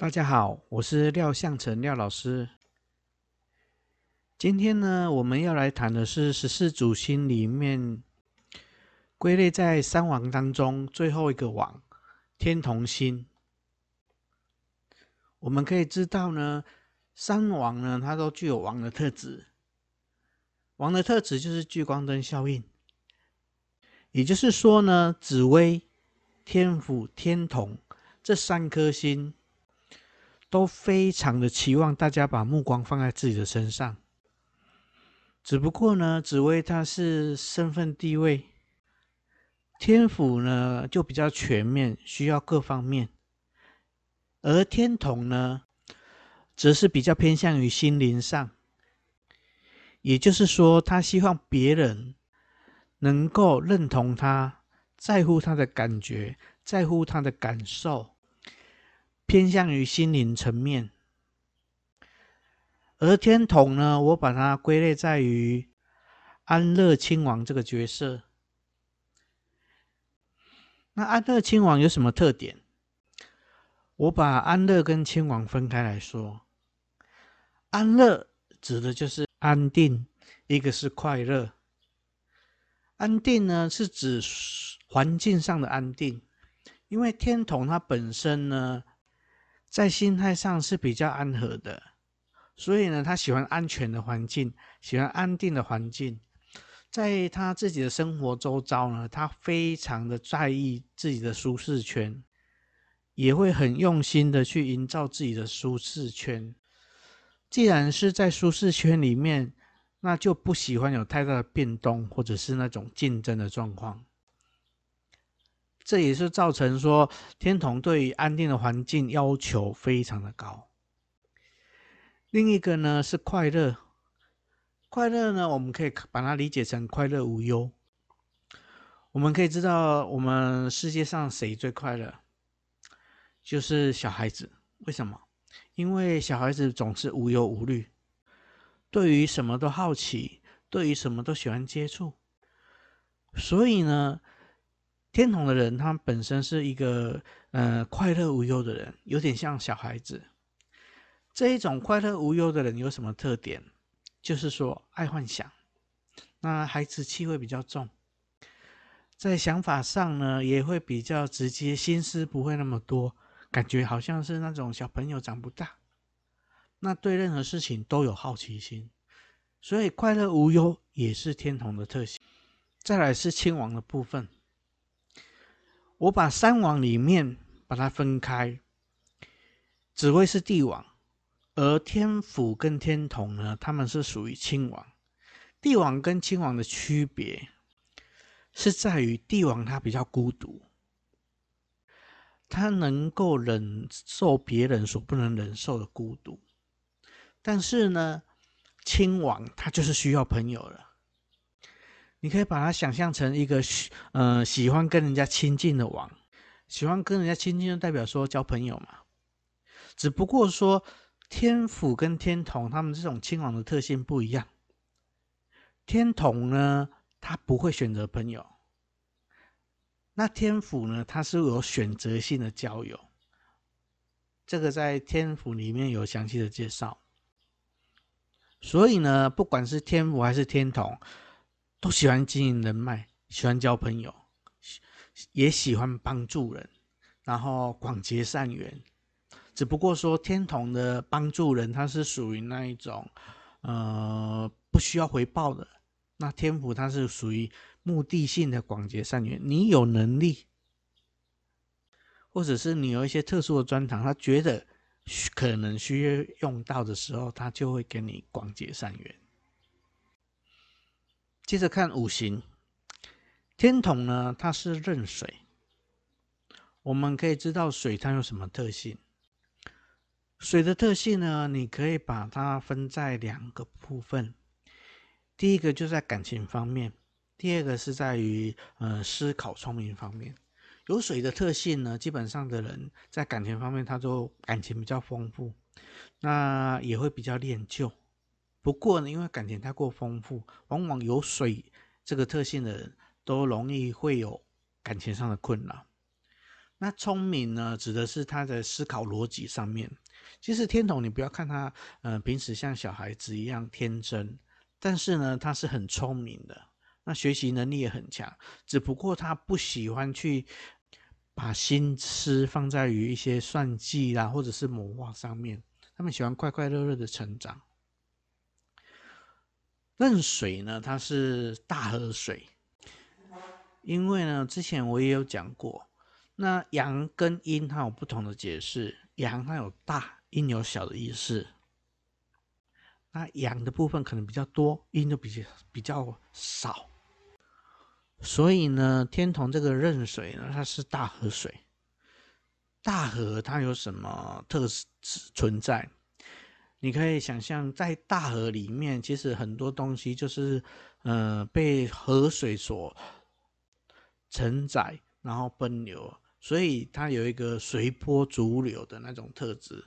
大家好，我是廖相程廖老師。今天呢，我們要來談的是十四主星裡面歸類在三王當中最後一個王，天同星。我們可以知道呢，三王呢，它都具有王的特質。王的特質就是聚光燈效應，也就是說呢，紫微、天府、天同這三顆星。都非常的期望大家把目光放在自己的身上，只不過呢，紫微他是身份地位，天府呢就比較全面，需要各方面；而天同呢，則是比較偏向於心靈上，也就是說，他希望別人能夠認同他，在乎他的感覺，在乎他的感受。偏向於心靈層面，而天同呢，我把它歸類在於安樂親王這個角色。那安樂親王有什麼特點？我把安樂跟親王分開來說。安樂指的就是安定，一個是快樂。安定呢，是指環境上的安定，因為天同他本身呢。在心態上是比較安和的，所以呢，他喜歡安全的環境，喜歡安定的環境。在他自己的生活周遭呢，他非常的在意自己的舒適圈，也會很用心的去營造自己的舒適圈。既然是在舒適圈裡面，那就不喜歡有太大的變動，或者是那種競爭的狀況。這也是造成說，天同對於安定的環境要求非常的高。另一個呢是快樂，快樂呢我們可以把它理解成快樂無憂。我們可以知道，我們世界上誰最快樂？就是小孩子。為什麼？因為小孩子總是無憂無慮，對於什麼都好奇，對於什麼都喜歡接觸。所以呢，天同的人，他本身是一個，呃，快樂無憂的人，有點像小孩子。這一種快樂無憂的人有什麼特點？就是說愛幻想，那孩子氣會比較重，在想法上呢也會比較直接，心思不會那麼多，感覺好像是那種小朋友長不大。那對任何事情都有好奇心，所以快樂無憂也是天同的特性。再來是親王的部分。我把三王裡面把它分開，紫微是帝王，而天府跟天同呢，他們是屬於親王。帝王跟親王的區別，是在於帝王他比較孤獨，他能夠忍受別人所不能忍受的孤獨，但是呢，親王他就是需要朋友了。你可以把它想象成一個、呃，喜歡跟人家親近的王，喜歡跟人家親近，就代表說交朋友嘛。只不過說，天府跟天同他們這種親王的特性不一樣。天同呢，他不會選擇朋友；那天府呢，他是有選擇性的交友。這個在天府裡面有詳細的介紹。所以呢，不管是天府還是天同。都喜歡經營人脈，喜歡交朋友，也喜歡幫助人，然後廣結善緣。只不過說，天同的幫助人，他是屬於那一種，呃，不需要回報的。那天府他是屬於目的性的廣結善緣。你有能力，或者是你有一些特殊的專長，他覺得可能需要用到的時候，他就會跟你廣結善緣。接着看五行，天同呢，它是壬水。我們可以知道水它有什麼特性？水的特性呢，你可以把它分在兩個部分。第一個就在感情方面，第二個是在於呃思考聰明方面。有水的特性呢，基本上的人在感情方面，他就感情比較豐富，那也會比較戀舊。不過呢，因為感情太過豐富，往往有水這個特性的人，都容易會有感情上的困擾。那聰明呢，指的是他的思考邏輯上面。其實天同，你不要看他，嗯、呃，平時像小孩子一樣天真，但是呢，他是很聰明的，那學習能力也很強。只不過他不喜歡去把心思放在於一些算計啦，或者是謀劃上面，他們喜歡快快樂樂的成長。壬水呢，它是大河水，因為呢，之前我也有講過，那陽跟陰它有不同的解釋，陽它有大，陰有小的意思，那陽的部分可能比較多，陰就比較比較少，所以呢，天同這個壬水呢，它是大河水，大河它有什麼特質存在？你可以想象，在大河裡面，其實很多東西就是，呃，被河水所承載，然後奔流，所以它有一個隨波逐流的那種特質。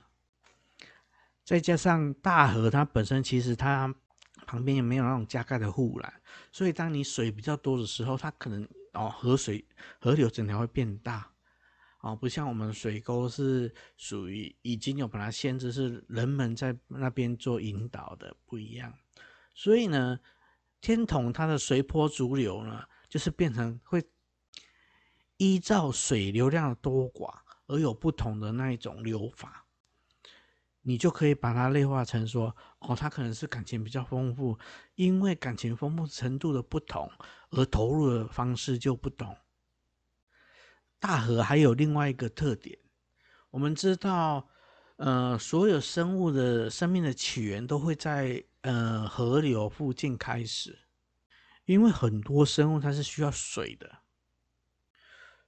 再加上大河它本身，其實它旁邊也沒有那種加蓋的護欄，所以當你水比較多的時候，它可能哦，河水河流整條會變大。哦，不像我們水溝是屬於已經有把它限制，是人們在那邊做引導的不一樣。所以呢，天同它的隨波逐流呢，就是變成會依照水流量的多寡而有不同的那一種流法。你就可以把它類化成說，哦，它可能是感情比較豐富，因為感情豐富程度的不同而投入的方式就不同。大河還有另外一個特點，我們知道，呃，所有生物的生命的起源都會在呃河流附近開始，因為很多生物它是需要水的，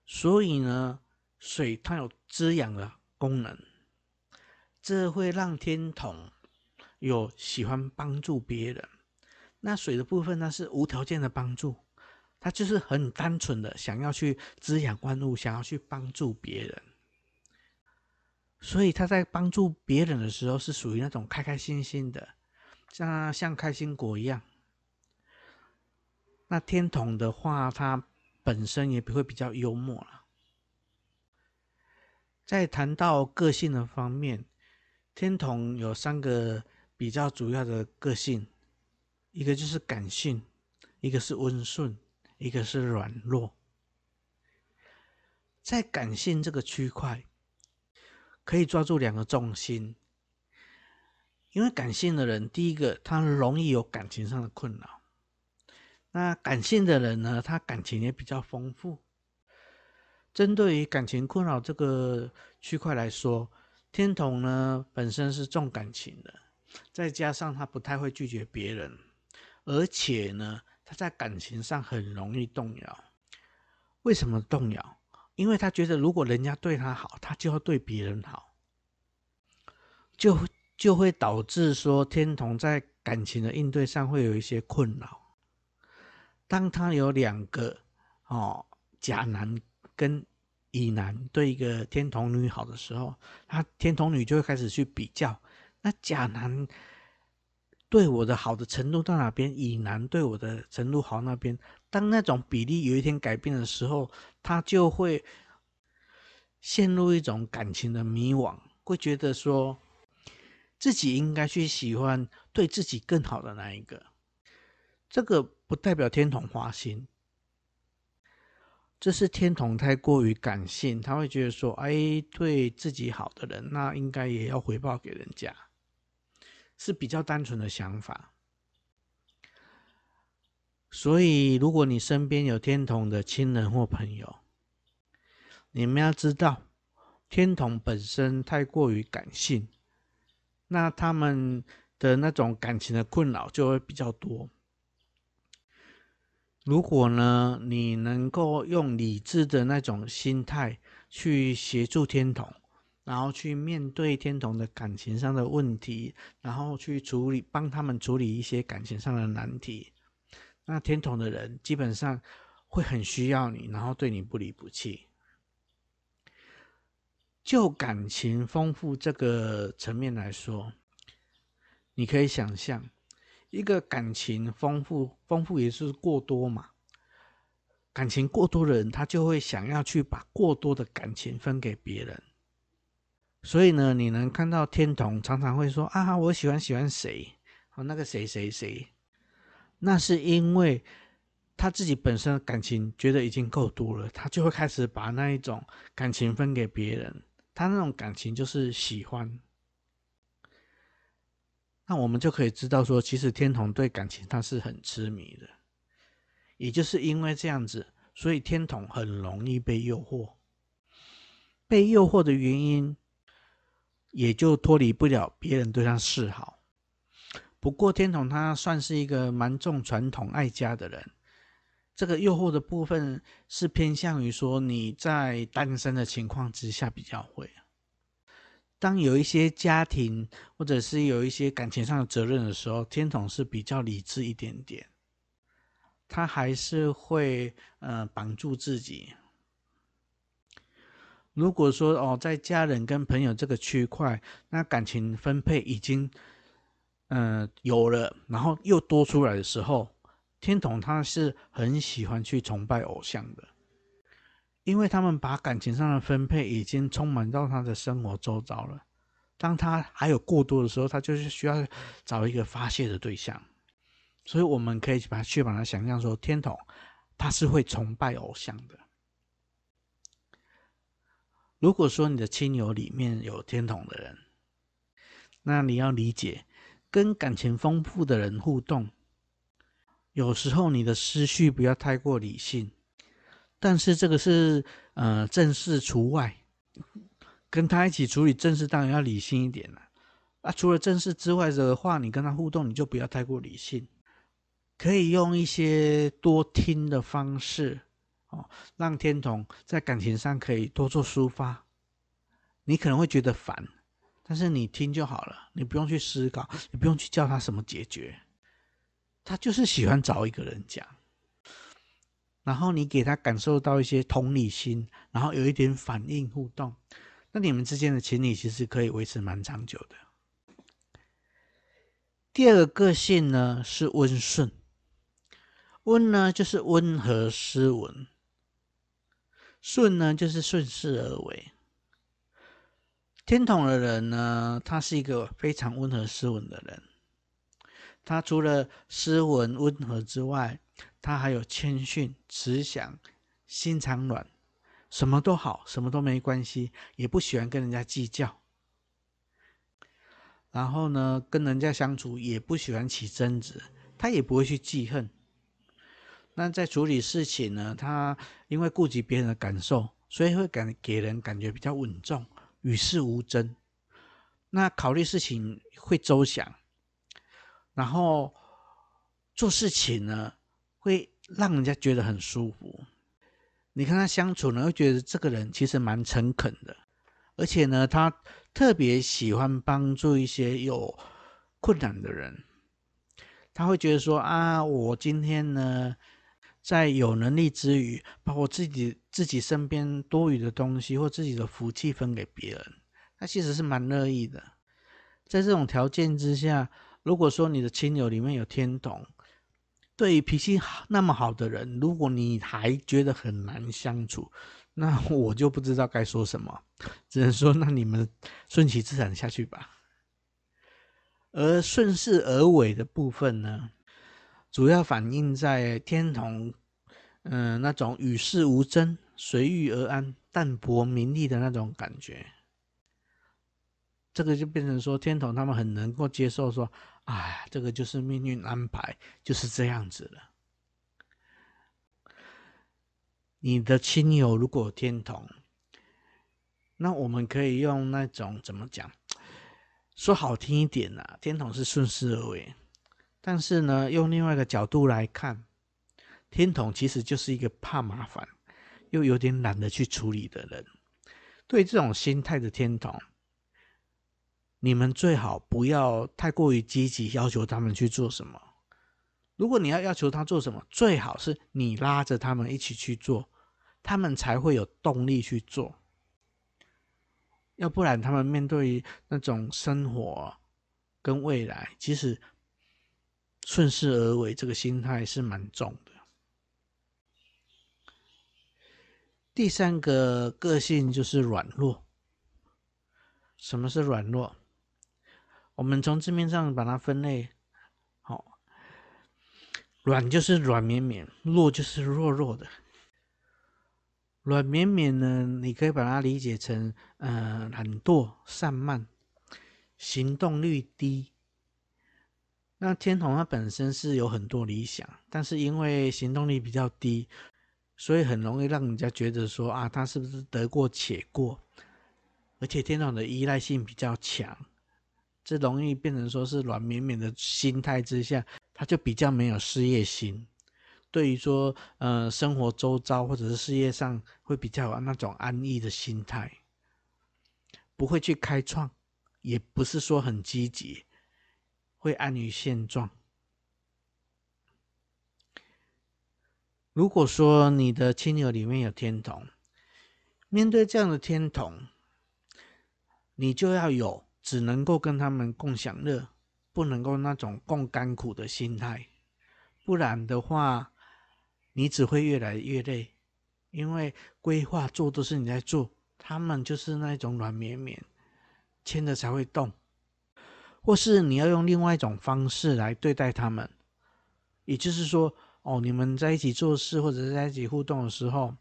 所以呢，水它有滋養的功能，這會讓天童有喜歡幫助別人。那水的部分呢，是無條件的幫助。他就是很單純的想要去滋養萬物，想要去幫助別人，所以他在幫助別人的時候是屬於那種開開心心的，像像開心果一樣。那天同的話，他本身也會比較幽默了。在談到個性的方面，天同有三個比較主要的個性，一個就是感性，一個是溫順。一個是軟弱，在感性這個區塊，可以抓住兩個重心。因為感性的人，第一個他容易有感情上的困擾。那感性的人呢，他感情也比較豐富。針對於感情困擾這個區塊來說，天同呢，本身是重感情的，再加上他不太會拒絕別人，而且呢。他在感情上很容易動搖，為什麼動搖？因為他覺得如果人家對他好，他就要對別人好，就就會導致說天同在感情的應對上會有一些困擾。當他有兩個，哦，甲男跟乙男對一個天同女好的時候，他天同女就會開始去比較，那甲男。對我的好的程度到哪邊，乙男對我的程度好那邊，當那種比例有一天改變的時候，他就會陷入一種感情的迷惘，會覺得說，自己應該去喜歡對自己更好的那一個。這個不代表天同花心，這是天同太過於感性，他會覺得說，哎，對自己好的人，那應該也要回報給人家。是比較單純的想法，所以如果你身邊有天同的親人或朋友，你們要知道，天同本身太過於感性，那他們的那種感情的困擾就會比較多。如果呢，你能夠用理智的那種心態去協助天同，然後去面對天同的感情上的問題，然後去處理幫他們處理一些感情上的難題。那天同的人基本上會很需要你，然後對你不離不棄。就感情豐富這個層面來說，你可以想象，一個感情豐富、豐富也是過多嘛，感情過多的人，他就會想要去把過多的感情分給別人。所以呢，你能看到天同常常會說：“啊，我喜歡喜歡誰？好，那個誰誰誰。”那是因為他自己本身的感情覺得已經夠多了，他就會開始把那一種感情分給別人。他那種感情就是喜歡。那我們就可以知道說，其實天同對感情他是很痴迷的。也就是因為這樣子，所以天同很容易被誘惑。被誘惑的原因。也就脫離不了別人對他示好。不過天同他算是一個蠻重傳統、愛家的人，這個誘惑的部分是偏向於說你在單身的情況之下比較會。當有一些家庭或者是有一些感情上的責任的時候，天同是比較理智一點點，他還是會呃綁住自己。如果說哦，在家人跟朋友這個區塊，那感情分配已經，嗯、呃，有了，然後又多出來的時候，天同他是很喜歡去崇拜偶像的，因為他們把感情上的分配已經充滿到他的生活周遭了。當他還有過多的時候，他就是需要找一個發泄的對象，所以我們可以去把去把他想象說，天同他是會崇拜偶像的。如果說你的親友裡面有天同的人，那你要理解，跟感情豐富的人互動，有時候你的思緒不要太過理性。但是這個是呃正事除外，跟他一起處理正事當然要理性一點了，啊。那、啊、除了正事之外的話，你跟他互動，你就不要太過理性，可以用一些多聽的方式。哦，讓天同在感情上可以多做抒發，你可能會覺得煩，但是你聽就好了，你不用去思考，你不用去教他什麼解決，他就是喜歡找一個人講，然後你給他感受到一些同理心，然後有一點反應互動，那你們之間的情侶其實可以維持蠻長久的。第二個個性呢是溫順，溫呢就是溫和、斯文。順呢，就是順勢而為。天同的人呢，他是一個非常溫和、斯文的人。他除了斯文溫和之外，他還有謙遜、慈祥、心腸軟，什麼都好，什麼都沒關係，也不喜歡跟人家計較。然後呢，跟人家相處也不喜歡起爭執，他也不會去記恨。那在處理事情呢，他因為顧及別人的感受，所以會感給人感覺比較穩重，與世無爭。那考慮事情會周詳，然後做事情呢會讓人家覺得很舒服。你跟他相處呢，會覺得這個人其實蠻誠懇的，而且呢，他特別喜歡幫助一些有困難的人。他會覺得說啊，我今天呢，在有能力之餘，把我自己自己身邊多餘的東西或自己的福氣分給別人，那其實是蠻樂意的。在這種條件之下，如果說你的親友裡面有天同，對於脾氣好那麼好的人，如果你還覺得很難相處，那我就不知道該說什麼，只能說那你們順其自然下去吧。而順勢而為的部分呢？主要反映在天同，嗯、呃，那種與世無爭、隨遇而安、淡泊名利的那種感覺。這個就變成說，天同他們很能夠接受，說，哎，這個就是命運安排，就是這樣子了。你的親友如果有天同，那我們可以用那種怎麼講，說好聽一點呢？啊？天同是順勢而為。但是呢，用另外一個角度來看，天同其實就是一個怕麻煩，又有點懶得去處理的人。對這種心態的天同，你們最好不要太過於積極要求他們去做什麼。如果你要要求他做什麼，最好是你拉着他們一起去做，他們才會有動力去做。要不然，他們面對那種生活跟未來，其實。順勢而為，這個心態是蠻重的。第三個個性就是軟弱。什麼是軟弱？我們從字面上把它分類，好、哦，軟就是軟綿綿，弱就是弱弱的。軟綿綿呢，你可以把它理解成，嗯、呃、懶惰、散漫、行動率低。那天同他本身是有很多理想，但是因為行動力比較低，所以很容易讓人家覺得說啊，他是不是得過且過？而且天同的依賴性比較強，這容易變成說是軟綿綿的心態之下，他就比較沒有事業心。對於說，呃，生活周遭或者是事業上，會比較有那種安逸的心態，不會去開創，也不是說很積極。會安於現狀。如果說你的親友裡面有天同，面對這樣的天同，你就要有只能夠跟他們共享樂，不能夠那種共甘苦的心態，不然的話，你只會越來越累，因為規劃做都是你在做，他們就是那種軟綿綿，牽着才會動。或是你要用另外一種方式來對待他們，也就是說，哦，你們在一起做事或者在一起互動的時候，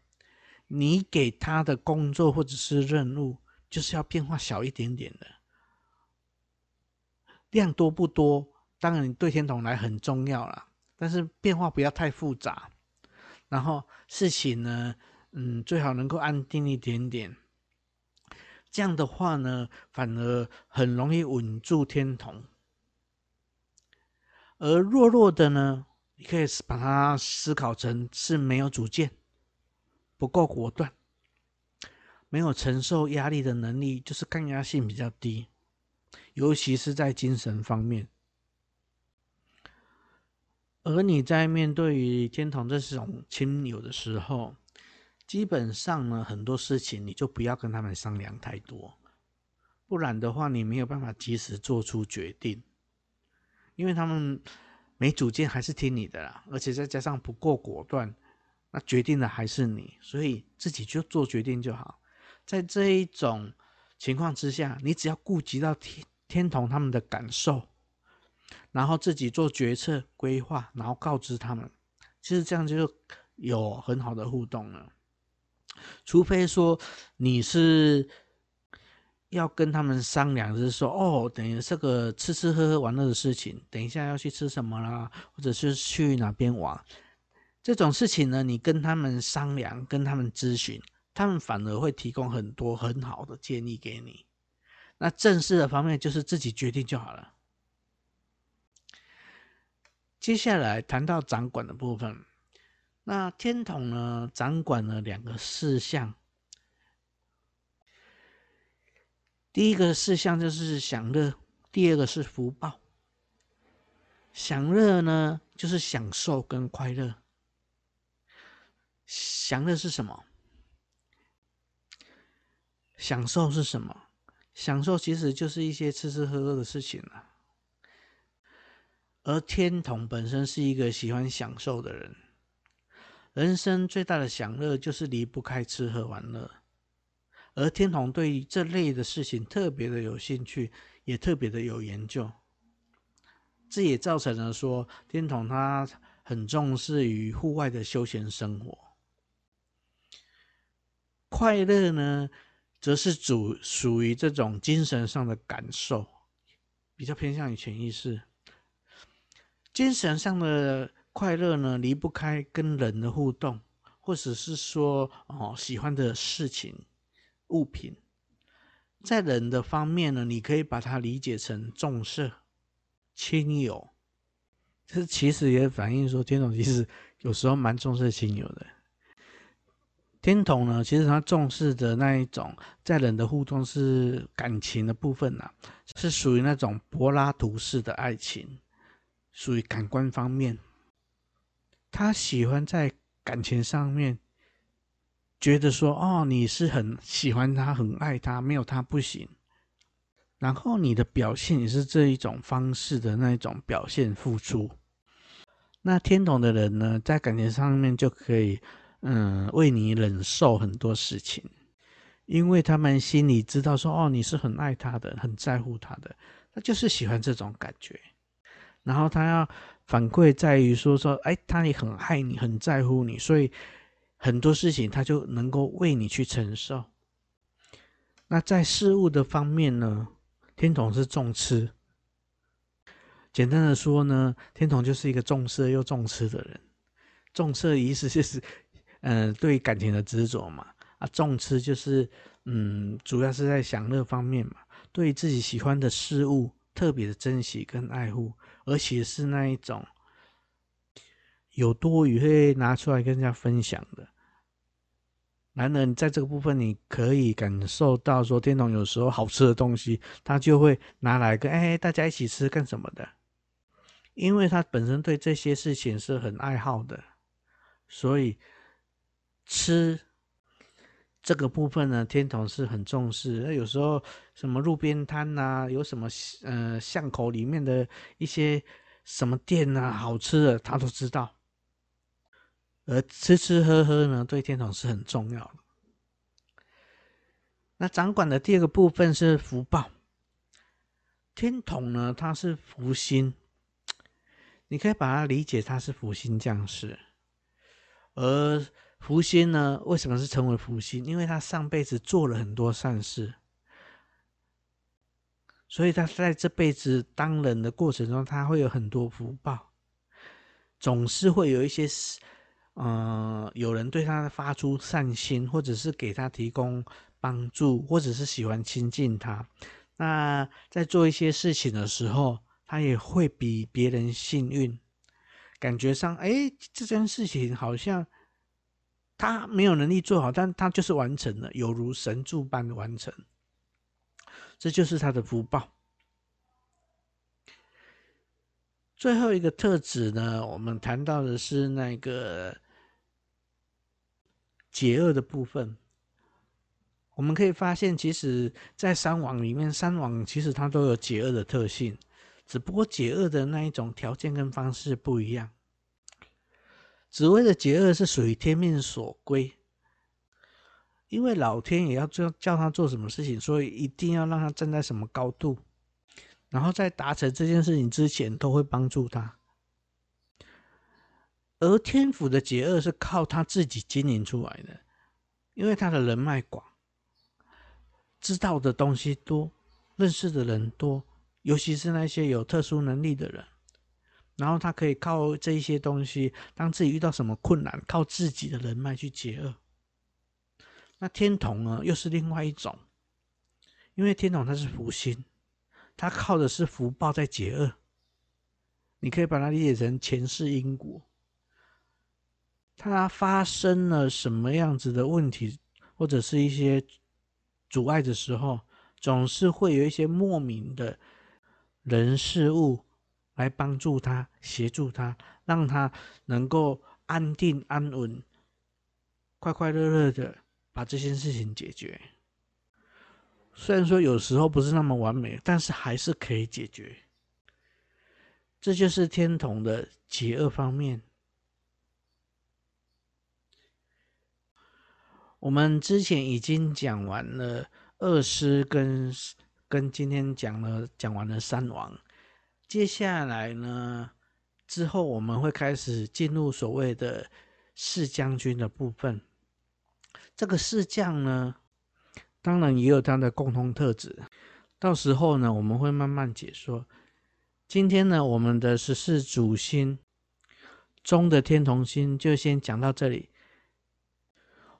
你給他的工作或者是任務，就是要變化小一點點的。量多不多，當然對天同來很重要了，但是變化不要太複雜。然後事情呢，嗯，最好能夠安定一點點。這樣的話呢，反而很容易穩住天同，而弱弱的呢，你可以把它思考成是沒有主見，不夠果斷，沒有承受壓力的能力，就是抗壓性比較低，尤其是在精神方面。而你在面對於天同這種親友的時候，基本上呢，很多事情你就不要跟他們商量太多，不然的話，你沒有辦法及時做出決定，因為他們沒主見，還是聽你的啦。而且再加上不夠果斷，那決定的還是你，所以自己就做決定就好。在這一種情況之下，你只要顧及到天，天同他們的感受，然後自己做決策規劃，然後告知他們，其實這樣就有很好的互動了。除非說你是要跟他們商量，就是說，哦，等於這個吃吃喝喝玩樂的事情，等一下要去吃什麼啦，或者是去哪邊玩這種事情呢？你跟他們商量，跟他們諮詢，他們反而會提供很多很好的建議給你。那正式的方面就是自己決定就好了。接下來談到掌管的部分。那天同呢，掌管了兩個事項。第一個事項就是享樂，第二個是福報。享樂呢，就是享受跟快樂。享樂是什麼？享受是什麼？享受其實就是一些吃吃喝喝的事情了啊。而天同本身是一個喜歡享受的人。人生最大的享樂就是離不開吃喝玩樂，而天同對於這類的事情特別的有興趣，也特別的有研究。這也造成了說，天同他很重視於戶外的休閒生活。快樂呢，則是屬屬於這種精神上的感受，比較偏向於潛意識、精神上的。快樂呢，離不開跟人的互動，或者是說哦，喜歡的事情、物品。在人的方面呢，你可以把它理解成重色，輕友。這其實也反映說天同其實有時候蠻重色輕友的。天同呢，其實他重視的那一種在人的互動是感情的部分啊，是屬於那種柏拉圖式的愛情，屬於感官方面。他喜歡在感情上面，覺得說哦，你是很喜歡他，很愛他，沒有他不行。然後你的表現也是這一種方式的那一種表現，付出。那天同的人呢，在感情上面就可以，嗯，為你忍受很多事情，因為他們心裡知道說哦，你是很愛他的，很在乎他的，他就是喜歡這種感覺，然後他要。反饋在於說說，哎，他也很愛你，很在乎你，所以很多事情他就能夠為你去承受。那在事物的方面呢，天同是重吃。簡單的說呢，天同就是一個重色又重吃的人。重色意思就是，嗯、呃，對感情的執着嘛。啊，重吃就是，嗯，主要是在享樂方面嘛，對自己喜歡的事物特別的珍惜跟愛護。而且是那一種有多餘會拿出來跟人家分享的。男人在這個部分，你可以感受到說，天同有時候好吃的東西，他就會拿來跟哎、欸、大家一起吃幹什麼的，因為他本身對這些事情是很愛好的，所以吃。這個部分呢，天同是很重視。那有時候什麼路邊攤吶、啊，有什麼呃巷口裡面的一些什麼店吶、啊，好吃的他都知道。而吃吃喝喝呢，對天同是很重要。那掌管的第二個部分是福報，天同呢，他是福星，你可以把它理解他是福星降世，而。福星呢，為什麼是成為福星？因為他上輩子做了很多善事，所以他在這輩子當人的過程中，他會有很多福報，總是會有一些事，嗯、呃，有人對他發出善心，或者是給他提供幫助，或者是喜歡親近他。那在做一些事情的時候，他也會比別人幸運，感覺上，哎，這件事情好像。他沒有能力做好，但他就是完成了，猶如神助般的完成，這就是他的福報。最後一個特質呢，我們談到的是那個解厄的部分。我們可以發現，其實在三王裡面，三王其實它都有解厄的特性，只不過解厄的那一種條件跟方式不一樣。紫微的爵位是屬於天命所歸，因為老天也要做叫他做什麼事情，所以一定要讓他站在什麼高度，然後在達成這件事情之前，都會幫助他。而天府的爵位是靠他自己經營出來的，因為他的人脈廣，知道的東西多，認識的人多，尤其是那些有特殊能力的人。然後他可以靠這一些東西，當自己遇到什麼困難，靠自己的人脈去解厄。那天同呢，又是另外一種，因為天同他是福星，他靠的是福報在解厄。你可以把它理解成前世因果。他發生了什麼樣子的問題，或者是一些阻礙的時候，總是會有一些莫名的人事物，來幫助他，協助他，讓他能夠安定安穩、快快樂樂的把這些事情解決。雖然說有時候不是那麼完美，但是還是可以解決。這就是天同的解厄方面。我們之前已經講完了二師，跟跟今天講了講完了三王。接下來呢，之後我們會開始進入所謂的四將軍的部分。這個四將呢，當然也有它的共同特質。到時候呢，我們會慢慢解說。今天呢，我們的十四主星中的天同星就先講到這裡。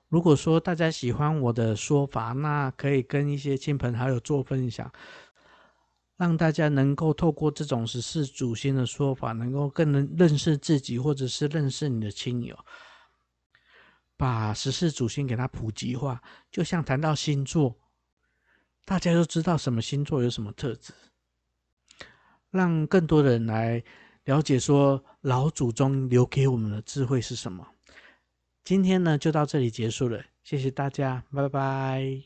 如果說大家喜歡我的說法，那可以跟一些親朋好友做分享。讓大家能夠透過這種十四主星的說法，能夠更能認識自己，或者是認識你的親友，把十四主星給它普及化。就像談到星座，大家都知道什麼星座有什麼特質，讓更多的人來了解說老祖宗留給我們的智慧是什麼。今天呢，就到這裡結束了，謝謝大家，拜拜。